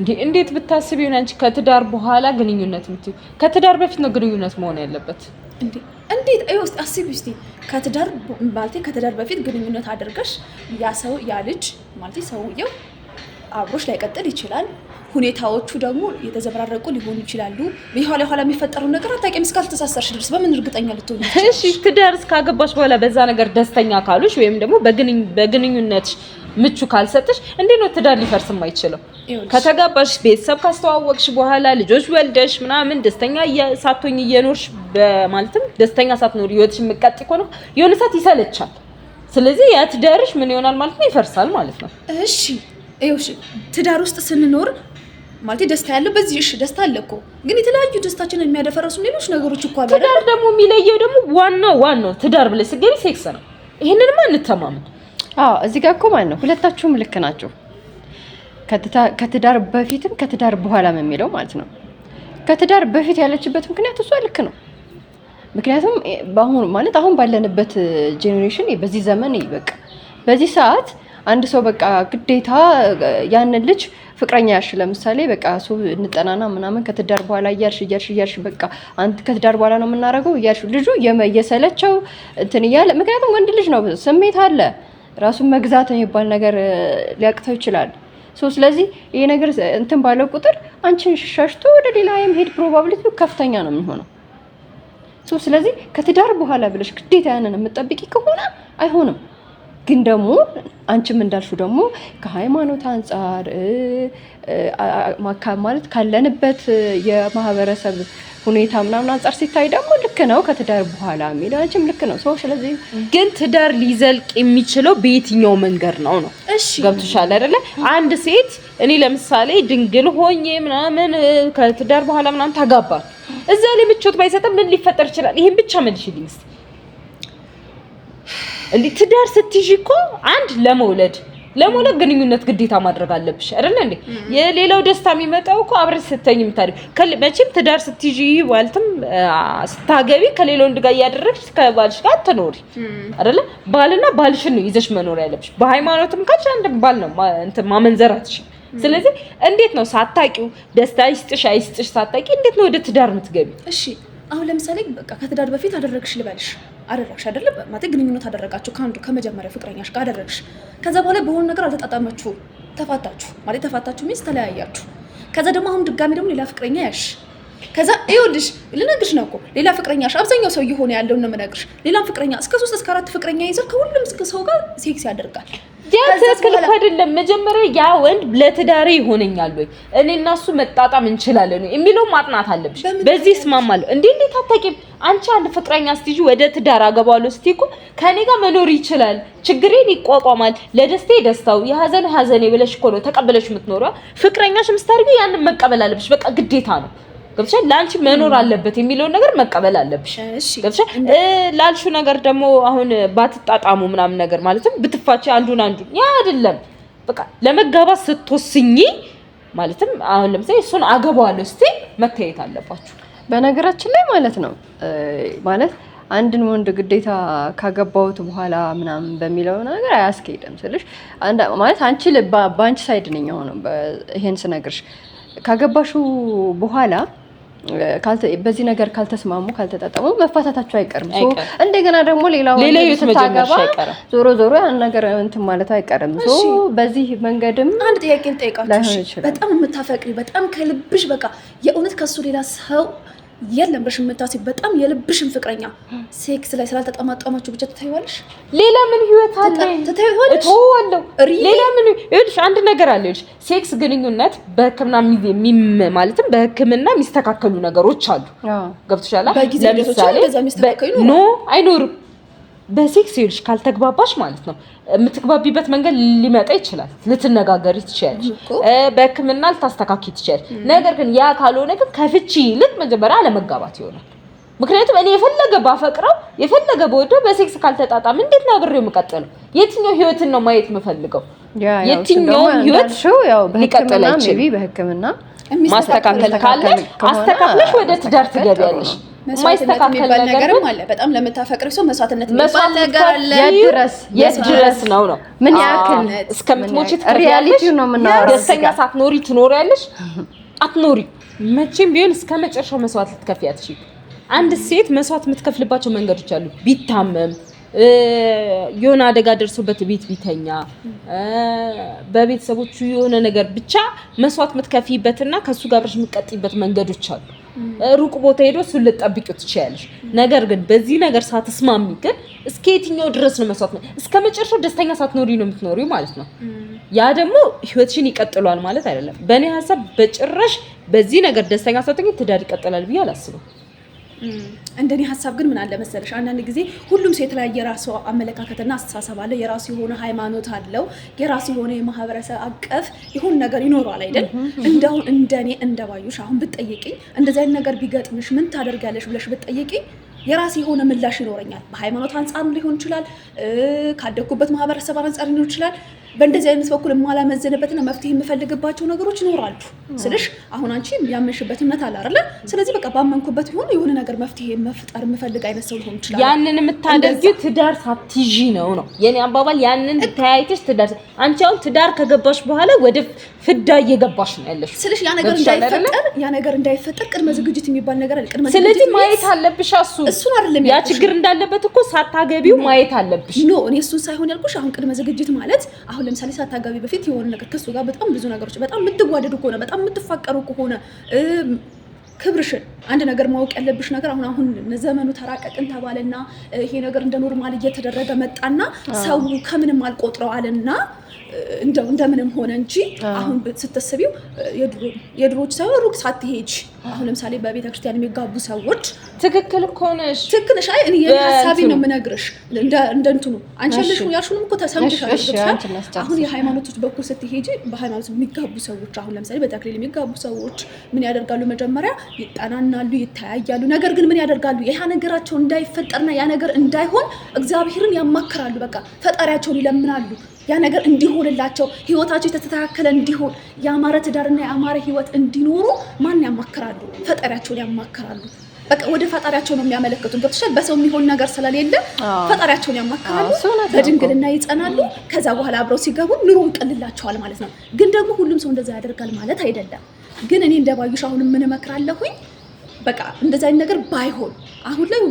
እንዴ እንዴት ብታስብ ይሆን አንቺ ከትዳር በኋላ ግንኙነት የምትይው? ከትዳር በፊት ነው ግንኙነት መሆን ያለበት። እንዴ እንዴት አይ ውስጥ አስቢ ውስጥ ከትዳር ማለት ከትዳር በፊት ግንኙነት አድርገሽ ያ ሰው ያ ልጅ ማለት ሰውየው አብሮሽ ላይቀጥል ይችላል። ሁኔታዎቹ ደግሞ የተዘበራረቁ ሊሆኑ ይችላሉ። የኋላ ኋላ የሚፈጠረው ነገር አታውቂም እስካልተሳሰርሽ ድረስ በምን እርግጠኛ ልትሆን? እሺ ትዳር እስካገባሽ በኋላ በዛ ነገር ደስተኛ ካሉሽ ወይም ደግሞ በግንኙነት ምቹ ካልሰጥሽ እንዴ ነው ትዳር ሊፈርስ የማይችለው? ከተጋባሽ ቤተሰብ ካስተዋወቅሽ በኋላ ልጆች ወልደሽ ምናምን ደስተኛ ሳትሆኝ እየኖርሽ በማለትም ደስተኛ ሳትኖር ህይወትሽን የምትቀጥ ከሆነ የሆነ ሰዓት ይሰለቻል። ስለዚህ ያ ትዳርሽ ምን ይሆናል ማለት ነው? ይፈርሳል ማለት ነው። እሺ እሺ ትዳር ውስጥ ስንኖር ማለት ደስታ ያለው በዚህ እሺ፣ ደስታ አለ እኮ ግን የተለያዩ ደስታችንን የሚያደፈረሱ ሌሎች ነገሮች እኮ አሉ። ትዳር ደግሞ የሚለየው ደግሞ ዋናው ዋናው ትዳር ብለሽ ስትገቢ ሴክስ ነው። ይሄንንማ እንተማመን አዎ እዚህ ጋር እኮ ማለት ነው ሁለታችሁም ልክ ናችሁ። ከትዳር በፊትም ከትዳር በኋላም የሚለው ማለት ነው። ከትዳር በፊት ያለችበት ምክንያት እሷ ልክ ነው። ምክንያቱም በአሁኑ ማለት አሁን ባለንበት ጄኔሬሽን በዚህ ዘመን በቃ በዚህ ሰዓት አንድ ሰው በቃ ግዴታ ያንን ልጅ ፍቅረኛ ያልሽ ለምሳሌ በቃ እሱ እንጠናና ምናምን ከትዳር በኋላ እያልሽ እያልሽ እያልሽ በቃ አንተ ከትዳር በኋላ ነው የምናደርገው እያልሽ ልጁ የሰለቸው እንትን እያለ ምክንያቱም ወንድ ልጅ ነው ስሜት አለ ራሱን መግዛት የሚባል ነገር ሊያቅተው ይችላል። ሶ ስለዚህ ይሄ ነገር እንትን ባለው ቁጥር አንቺን ሻሽቶ ወደ ሌላ የመሄድ ፕሮባብሊቲ ከፍተኛ ነው የሚሆነው። ሶ ስለዚህ ከትዳር በኋላ ብለሽ ግዴታ ያንን የምጠብቂ ከሆነ አይሆንም። ግን ደግሞ አንቺም እንዳልሹ ደግሞ ከሃይማኖት አንጻር ማለት ካለንበት የማህበረሰብ ሁኔታ ምናምን አንጻር ሲታይ ደግሞ ልክ ነው ከትዳር በኋላ የሚለችም ልክ ነው ሰው። ስለዚህ ግን ትዳር ሊዘልቅ የሚችለው በየትኛው መንገድ ነው ነው? እሺ ገብቶሻል አይደለ? አንድ ሴት እኔ ለምሳሌ ድንግል ሆኜ ምናምን ከትዳር በኋላ ምናምን ታጋባል እዛ ላይ ምቾት ባይሰጥም ምን ሊፈጠር ይችላል? ይሄን ብቻ መልሽልኝ እስኪ። ትዳር ስትይዥ እኮ አንድ ለመውለድ ለመውለድ ግንኙነት ግዴታ ማድረግ አለብሽ አይደል እንዴ? የሌላው ደስታ የሚመጣው እኮ አብረሽ ስተኝ ከል መቼም ትዳር ስትይዢ ማለትም ስታገቢ ከሌላው ወንድ ጋር እያደረግሽ ከባልሽ ጋር ትኖሪ አይደለ? ባልና ባልሽን ነው ይዘሽ መኖር ያለብሽ። በሃይማኖትም ካች አንድ ባል ነው እንትን ማመንዘራትሽ። ስለዚህ እንዴት ነው ሳታቂው ደስታ ይስጥሽ አይስጥሽ ሳታቂ እንዴት ነው ወደ ትዳር ምትገቢ? እሺ አሁን ለምሳሌ በቃ ከትዳር በፊት አደረግሽ ልበልሽ አደረግሽ አይደለ ማለት ግንኙነት አደረጋችሁ ከአንዱ ከመጀመሪያ ፍቅረኛሽ ጋር አደረግሽ ከዛ በኋላ በሆኑ ነገር አልተጣጣማችሁ ተፋታችሁ ማለት ተፋታችሁ ሚንስ ተለያያችሁ ከዛ ደግሞ አሁን ድጋሚ ደግሞ ሌላ ፍቅረኛ ያሽ ከዛ ይኸውልሽ ልነግርሽ ነው እኮ ሌላ ፍቅረኛሽ አብዛኛው ሰው እየሆነ ያለውን ነው የምነግርሽ ሌላም ፍቅረኛ እስከ ሶስት እስከ አራት ፍቅረኛ ይዘን ከሁሉም ሰው ጋር ሴክስ ያደርጋል ያ ትክክል አይደለም። መጀመሪያ ያ ወንድ ለትዳሬ ይሆነኛል ወይ እኔ እና እሱ መጣጣም እንችላለን የሚለው ማጥናት አለብሽ። በዚህ እስማማለሁ። እንዴ እንዴት አታውቂም? አንቺ አንድ ፍቅረኛ ስትይጂ ወደ ትዳር አገባለሁ ስትይ እኮ ከኔ ጋር መኖር ይችላል፣ ችግሬን ይቋቋማል፣ ለደስቴ ደስታው፣ የሀዘን ሀዘኔ ብለሽ እኮ ነው ተቀበለሽ የምትኖረው። ፍቅረኛሽ ምስታርጊ ያንን መቀበል አለብሽ። በቃ ግዴታ ነው። ገብተሻል። ለአንቺ መኖር አለበት የሚለውን ነገር መቀበል አለብሽ። ገብተሻል። ላልሹ ነገር ደግሞ አሁን ባትጣጣሙ ምናምን ነገር ማለትም ብትፋች አንዱን አንዱ ያ አይደለም። በቃ ለመጋባት ስትወስኚ ማለትም አሁን ለምሳሌ እሱን አገባዋለሁ እስቲ መታየት አለባችሁ። በነገራችን ላይ ማለት ነው ማለት አንድን ወንድ ግዴታ ካገባሁት በኋላ ምናምን በሚለው ነገር አያስኬድም ስልሽ ማለት አንቺ በአንቺ ሳይድ ነኝ ሆነው ይሄን ስነግርሽ ካገባሹ በኋላ በዚህ ነገር ካልተስማሙ ካልተጣጣሙ መፋታታቸው አይቀርም። እንደገና ደግሞ ሌላው ስታገባ ዞሮ ዞሮ ያን ነገር እንትን ማለት አይቀርም። በዚህ መንገድም አንድ ጥያቄን ጠይቃችሁ በጣም የምታፈቅሪ በጣም ከልብሽ በቃ የእውነት ከሱ ሌላ ሰው የለም ብለሽ የምታስቢ በጣም የልብሽን ፍቅረኛ ሴክስ ላይ ስላልተጠማጠማችሁ ብቻ ትታይዋለሽ። ሌላ ምን ህይወት አለ? ትታይዋለሽ። ሌላ ምን ይኸውልሽ፣ አንድ ነገር አለ ይኸውልሽ፣ ሴክስ ግንኙነት በህክምና ማለትም በህክምና የሚስተካከሉ ነገሮች አሉ። ገብቶሻል? ለምሳሌ ኖ አይኖርም በሴክስ ይኸውልሽ ካልተግባባሽ ማለት ነው የምትግባቢበት መንገድ ሊመጣ ይችላል። ልትነጋገሪ ትችያለሽ፣ በሕክምና ልታስተካኪ ትችያለሽ። ነገር ግን ያ ካልሆነ ግን ከፍቺ ይልቅ መጀመሪያ አለመጋባት ይሆናል። ምክንያቱም እኔ የፈለገ ባፈቅረው የፈለገ በወደው በሴክስ ካልተጣጣም እንዴት ነው አብሬው የምቀጥለው? የትኛው ህይወትን ነው ማየት የምፈልገው? የትኛው ህይወት ሊቀጥል አይችልም። በህክምና ማስተካከል ካለ አስተካክለሽ ወደ ትዳር ትገቢያለሽ። የማይስተካከል ነገርም አለ። በጣም ለምታፈቅር ሰው መስዋዕትነት የሚባል ነገር አለ። የት ድረስ ነው ነው ምን ያክል እስከምትሞቺ ሪያሊቲ ነው ምን የምናወራው። ደስተኛ ሳትኖሪ ትኖሪያለሽ አትኖሪ። መቼም ቢሆን እስከ መጨረሻው መስዋዕት ልትከፍይ ያትሽ። አንድ ሴት መስዋዕት የምትከፍልባቸው መንገዶች አሉ። ቢታመም የሆነ አደጋ ደርሶበት ቤት ቢተኛ በቤተሰቦቹ የሆነ ነገር ብቻ መስዋዕት የምትከፊበትና ከእሱ ጋር ብለሽ የምትቀጥይበት መንገዶች አሉ። ሩቅ ቦታ ሄዶ እሱን ልጠብቂው ትችያለሽ። ነገር ግን በዚህ ነገር ሳትስማሚ ግን እስከ የትኛው ድረስ ነው መስዋዕት ነው? እስከ መጨረሻው ደስተኛ ሳትኖሪ ነው የምትኖሪው ማለት ነው። ያ ደግሞ ህይወትሽን ይቀጥሏል ማለት አይደለም። በእኔ ሀሳብ በጭራሽ በዚህ ነገር ደስተኛ ሳትሆኚ ትዳር ይቀጥላል ብዬ አላስብም። እንደኔ ሀሳብ ግን ምን አለ መሰለሽ፣ አንዳንድ ጊዜ ሁሉም ሴት ላይ የራሱ አመለካከትና አስተሳሰብ አለ፣ የራሱ የሆነ ሃይማኖት አለው፣ የራሱ የሆነ የማህበረሰብ አቀፍ ይሁን ነገር ይኖረዋል አይደል? እንደሁን እንደኔ እንደባዩሽ አሁን ብትጠይቂኝ እንደዚህ አይነት ነገር ቢገጥምሽ ምን ታደርጋለሽ ብለሽ ብትጠይቂኝ የራሴ የሆነ ምላሽ ይኖረኛል። በሃይማኖት አንጻር ሊሆን ይችላል፣ ካደግኩበት ማህበረሰብ አንጻር ሊሆን ይችላል። በእንደዚህ አይነት በኩል የማላመዘንበትና መፍትሄ የምፈልግባቸው ነገሮች ይኖራሉ ስልሽ አሁን አንቺ ያመንሽበት እምነት አለ አይደለ? ስለዚህ በቃ ባመንኩበት ቢሆን የሆነ ነገር መፍትሄ መፍጠር የምፈልግ አይነት ሰው ሊሆን ይችላል። ያንን የምታደርጊው ትዳር ሳትይዢ ነው ነው የኔ አባባል። ያንን ተያይተሽ ትዳር አንቺ አሁን ትዳር ከገባሽ በኋላ ወደ ፍዳ እየገባሽ ነው ያለሽ ስለዚህ ያ ነገር እንዳይፈጠር ያ ነገር እንዳይፈጠር ቅድመ ዝግጅት የሚባል ነገር አለ። ቅድመ ዝግጅት ስለዚህ ማየት አለብሽ። እሱ እሱን አይደለም ያ ችግር እንዳለበት እኮ ሳታገቢው ማየት አለብሽ። ኖ እኔ እሱን ሳይሆን ያልኩሽ አሁን ቅድመ ዝግጅት ማለት አሁን ለምሳሌ ሳታገቢ በፊት የሆነ ነገር ከሱ ጋር በጣም ብዙ ነገሮች በጣም የምትጓደዱ ከሆነ በጣም የምትፋቀሩ ከሆነ ክብርሽን አንድ ነገር ማወቅ ያለብሽ ነገር አሁን አሁን ዘመኑ ተራቀቅን ተባለና ይሄ ነገር እንደ ኖርማል እየተደረገ መጣና ሰው ከምንም አልቆጥረው አለና እንደው እንደምንም ሆነ እንጂ አሁን ስትስቢው የድሮች ሰው ሩቅ ሳትሄጂ አሁን ለምሳሌ በቤተክርስቲያን የሚጋቡ ሰዎች ትክክል እኮ ነሽ፣ ትክክል ነሽ። አይ እኔ ሀሳቤ ነው የምነግርሽ። እንደ እንትኑ አንቺ ያለሽ ያልሽውንም እኮ ተሰምተሻል። አሁን የሃይማኖቶች በኩል ስትሄጂ በሃይማኖት የሚጋቡ ሰዎች አሁን ለምሳሌ በተክሊል የሚጋቡ ሰዎች ምን ያደርጋሉ? መጀመሪያ ይጠናናሉ፣ ይተያያሉ። ነገር ግን ምን ያደርጋሉ? ይህ ነገራቸው እንዳይፈጠርና ያ ነገር እንዳይሆን እግዚአብሔርን ያማክራሉ። በቃ ፈጣሪያቸውን ይለምናሉ። ያ ነገር እንዲሆንላቸው ህይወታቸው የተስተካከለ እንዲሆን የአማረ ትዳርና የአማረ ህይወት እንዲኖሩ ማን ያማክራሉ? ፈጣሪያቸውን ያማክራሉ። በቃ ወደ ፈጣሪያቸው ነው የሚያመለክቱ። ገብቶሻል። በሰው የሚሆን ነገር ስለሌለ ፈጣሪያቸውን ያማክራሉ፣ በድንግልና ይጸናሉ። ከዛ በኋላ አብረው ሲገቡ ኑሮ ይቀልላቸዋል ማለት ነው። ግን ደግሞ ሁሉም ሰው እንደዛ ያደርጋል ማለት አይደለም። ግን እኔ እንደ ባዩሽ አሁን የምንመክራለሁኝ በቃ እንደዚ አይነት ነገር ባይሆን አሁን ላይ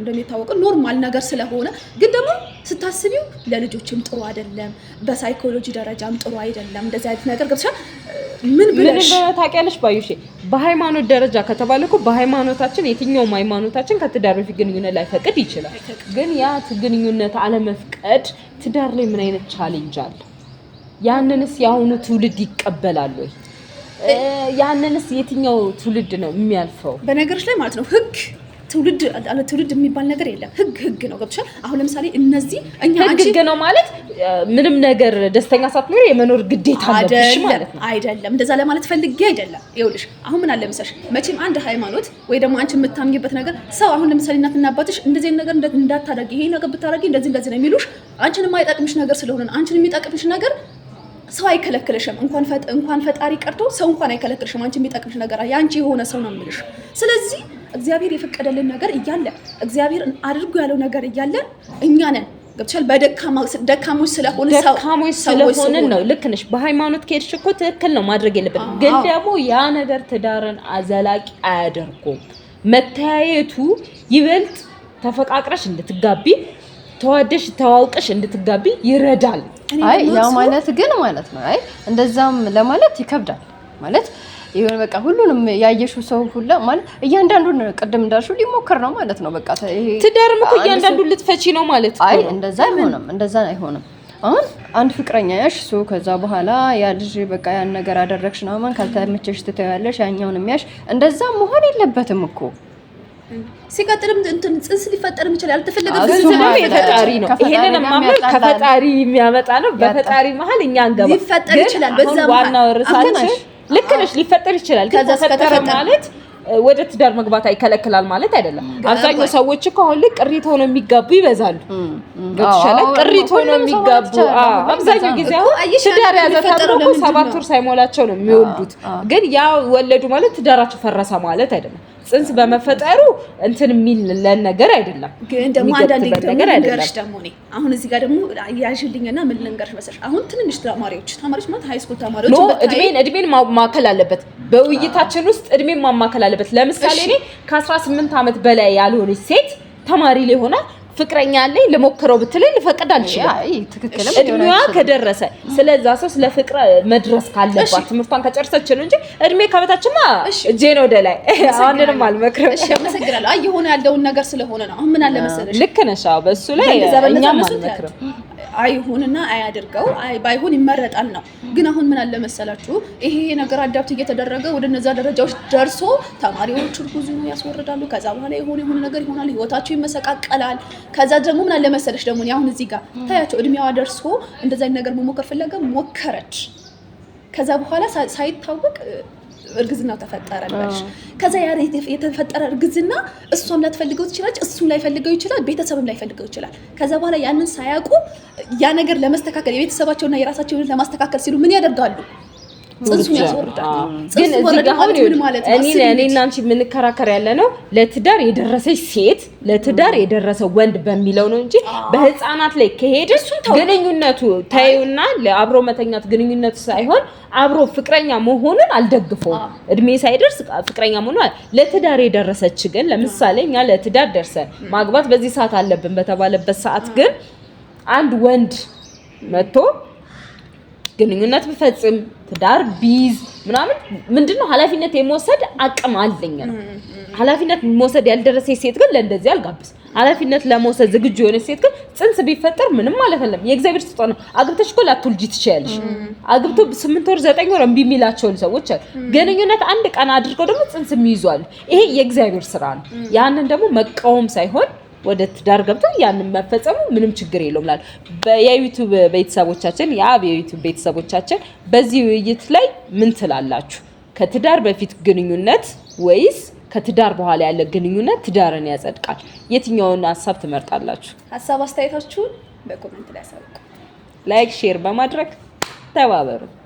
እንደሚታወቀው ኖርማል ነገር ስለሆነ ግን ደግሞ ስታስቢው ለልጆችም ጥሩ አይደለም፣ በሳይኮሎጂ ደረጃም ጥሩ አይደለም። እንደዚህ አይነት ነገር ምን ብለሽ ታውቂያለሽ? ባዩሽ በሃይማኖት ደረጃ ከተባለ እኮ በሃይማኖታችን የትኛውም ሃይማኖታችን ከትዳር በፊት ግንኙነት ላይፈቅድ ይችላል። ግን ያ ግንኙነት አለመፍቀድ ትዳር ላይ ምን አይነት ቻሌንጅ አለ? ያንንስ የአሁኑ ትውልድ ይቀበላል ወይ? ያንንስ የትኛው ትውልድ ነው የሚያልፈው? በነገሮች ላይ ማለት ነው ህግ ትውልድ አለ ትውልድ የሚባል ነገር የለም። ህግ ህግ ነው። ገብቶሻል? አሁን ለምሳሌ እነዚህ እኛ ህግ ነው ማለት ምንም ነገር ደስተኛ ሳትኖሪ የመኖር ግዴታ አለብሽ ማለት ነው። አይደለም እንደዛ ለማለት ፈልጌ አይደለም። ይኸውልሽ አሁን ምን አለ መሰለሽ፣ መቼም አንድ ሃይማኖት ወይ ደግሞ አንቺ የምታምኝበት ነገር ሰው አሁን ለምሳሌ እናትና አባትሽ እንደዚህ ነገር እንዳታደርጊ፣ ይሄ ነገር ብታደርጊ እንደዚህ እንደዚህ ነው የሚሉሽ አንቺን የማይጠቅምሽ ነገር ስለሆነ አንቺን የሚጠቅምሽ ነገር ሰው አይከለክልሽም። እንኳን ፈጣሪ ቀርቶ ሰው እንኳን አይከለክልሽም። አንቺ የሚጠቅምሽ ነገር ያንቺ የሆነ ሰው ነው የሚልሽ። ስለዚህ እግዚአብሔር የፈቀደልን ነገር እያለ እግዚአብሔር አድርጎ ያለው ነገር እያለ እኛ ነን ገብቻል በደካሞች ስለሆነ ደካሞች ስለሆነ ነው። ልክ ነሽ። በሃይማኖት ከሄድሽ እኮ ትክክል ነው ማድረግ የለብን ግን ደግሞ ያ ነገር ትዳርን አዘላቂ አያደርጉም። መተያየቱ ይበልጥ ተፈቃቅረሽ እንድትጋቢ ተዋደሽ ተዋውቀሽ እንድትጋቢ ይረዳል። አይ ያው ማለት ግን ማለት ነው አይ እንደዛም ለማለት ይከብዳል ማለት ይሁን በቃ ሁሉንም ያየሽው ሰው ሁሉ ማለት እያንዳንዱን ቅድም እንዳልሽው ሊሞከር ነው ማለት ነው። በቃ ትዳርም እኮ እያንዳንዱን ልትፈቺ ነው ማለት አይ እንደዛ አይሆንም፣ እንደዛ አይሆንም። አሁን አንድ ፍቅረኛ ያሽ ሶ ከዛ በኋላ ያ ልጅ በቃ ያን ነገር አደረግሽ ነው ማን ካልተመቸሽ ትተያለሽ፣ ያኛውን የሚያሽ እንደዛ መሆን የለበትም እኮ ሲቀጥልም እንትን ጽንስ ሊፈጠርም ይችላል። ያልተፈለገ ገንዘብ የፈጣሪ ነው። ይሄንን ማመን ከፈጣሪ የሚያመጣ ነው። በፈጣሪ መሀል እኛ እንገባ ሊፈጠር ይችላል። በዛ ዋና ወርሳችን ልክ ነሽ፣ ሊፈጠር ይችላል። ከዛ ተፈጠረ ማለት ወደ ትዳር መግባት አይከለክላል ማለት አይደለም። አብዛኛው ሰዎች እኮ አሁን ላይ ቅሪት ሆኖ የሚጋቡ ይበዛሉ። ገብቶሻል? ቅሪት ሆኖ የሚጋቡ አብዛኛው ጊዜ አሁን ትዳር ያዘ ተብሎ ሰባት ወር ሳይሞላቸው ነው የሚወልዱት። ግን ያ ወለዱ ማለት ትዳራቸው ፈረሰ ማለት አይደለም። ጽንስ በመፈጠሩ እንትን የሚለን ነገር አይደለም። ግን ደግሞ አንዳንዴ ደግሞ ልንገርሽ ደግሞ እኔ አሁን እዚህ ጋር ደግሞ ያዥልኝና ምን ልንገርሽ መሰለሽ አሁን ትንንሽ ተማሪዎች ተማሪዎች ማለት ሃይስኩል ተማሪዎች እድሜን እድሜን ማማከል አለበት። በውይይታችን ውስጥ እድሜን ማማከል አለበት። ለምሳሌ እኔ ከ18 ዓመት በላይ ያልሆነች ሴት ተማሪ ሊሆና ፍቅረኛ አለኝ ልሞክረው ብትለኝ ልፈቅድ አልችልም። እድሜዋ ከደረሰ ስለዛ ሰው ስለ ፍቅረ መድረስ ካለባት ትምህርቷን ከጨርሰች ነው እንጂ እድሜ ከበታችማ እጄን ወደ ላይ አሁንንም አልመክርም። አመሰግናለሁ። አይ የሆነ ያለውን ነገር ስለሆነ ነው። አሁን ምን አለ መሰለሽ፣ ልክ ነሽ። በእሱ ላይ እኛም አንመክርም። አይሁንና አያድርገው ባይሆን ይመረጣል ነው። ግን አሁን ምን አለ መሰላችሁ ይሄ ነገር አዳፕት እየተደረገ ወደ እነዛ ደረጃዎች ደርሶ ተማሪዎቹ ብዙ ያስወርዳሉ። ከዛ በኋላ የሆነ የሆነ ነገር ይሆናል፣ ህይወታቸው ይመሰቃቀላል። ከዛ ደግሞ ምን አለ መሰለሽ ደግሞ አሁን እዚህ ጋር ታያቸው እድሜዋ ደርሶ እንደዛ ነገር መሞከር ፈለገ፣ ሞከረች። ከዛ በኋላ ሳይታወቅ እርግዝናው ተፈጠረ ልበልሽ። ከዛ ያ የተፈጠረ እርግዝና እሷም ላትፈልገው ትችላለች፣ እሱም ላይፈልገው ይችላል፣ ቤተሰብም ላይፈልገው ይችላል። ከዛ በኋላ ያንን ሳያውቁ ያ ነገር ለመስተካከል የቤተሰባቸውና የራሳቸውን ለማስተካከል ሲሉ ምን ያደርጋሉ? ጽንሱን ያስወርዳል። አንቺ የምንከራከር ያለ ነው ለትዳር የደረሰች ሴት ለትዳር የደረሰ ወንድ በሚለው ነው እንጂ በህፃናት ላይ ከሄደ ግንኙነቱ ተይውና ለአብሮ መተኛት ግንኙነቱ ሳይሆን አብሮ ፍቅረኛ መሆኑን አልደግፈውም። እድሜ ሳይደርስ ፍቅረኛ መሆኑ ለትዳር የደረሰች ግን ለምሳሌ እኛ ለትዳር ደርሰ ማግባት በዚህ ሰዓት አለብን በተባለበት ሰዓት ግን አንድ ወንድ መጥቶ ግንኙነት ብፈጽም ትዳር ቢዝ ምናምን ምንድነው ኃላፊነት የመውሰድ አቅም አለኝ ነው። ኃላፊነት መውሰድ ያልደረሰ ሴት ግን ለእንደዚህ አልጋብስ። ኃላፊነት ለመውሰድ ዝግጁ የሆነ ሴት ግን ጽንስ ቢፈጠር ምንም ማለት አለም የእግዚአብሔር ስጦታ ነው። አግብተሽ እኮ ላትወልጂ ትችያለሽ። አግብቶ ስምንት ወር ዘጠኝ ወር እምቢ የሚላቸውን ሰዎች አሉ። ግንኙነት አንድ ቀን አድርገው ደግሞ ጽንስ የሚይዟሉ። ይሄ የእግዚአብሔር ስራ ነው። ያንን ደግሞ መቃወም ሳይሆን ወደ ትዳር ገብተው ያንን መፈጸሙ ምንም ችግር የለውም ላል የዩቱብ ቤተሰቦቻችን የአብ የዩቱብ ቤተሰቦቻችን በዚህ ውይይት ላይ ምን ትላላችሁ? ከትዳር በፊት ግንኙነት ወይስ ከትዳር በኋላ ያለ ግንኙነት ትዳርን ያጸድቃል? የትኛውን ሀሳብ ትመርጣላችሁ? ሀሳብ አስተያየታችሁን በኮመንት ላይ ያሳውቁ። ላይክ ሼር በማድረግ ተባበሩ።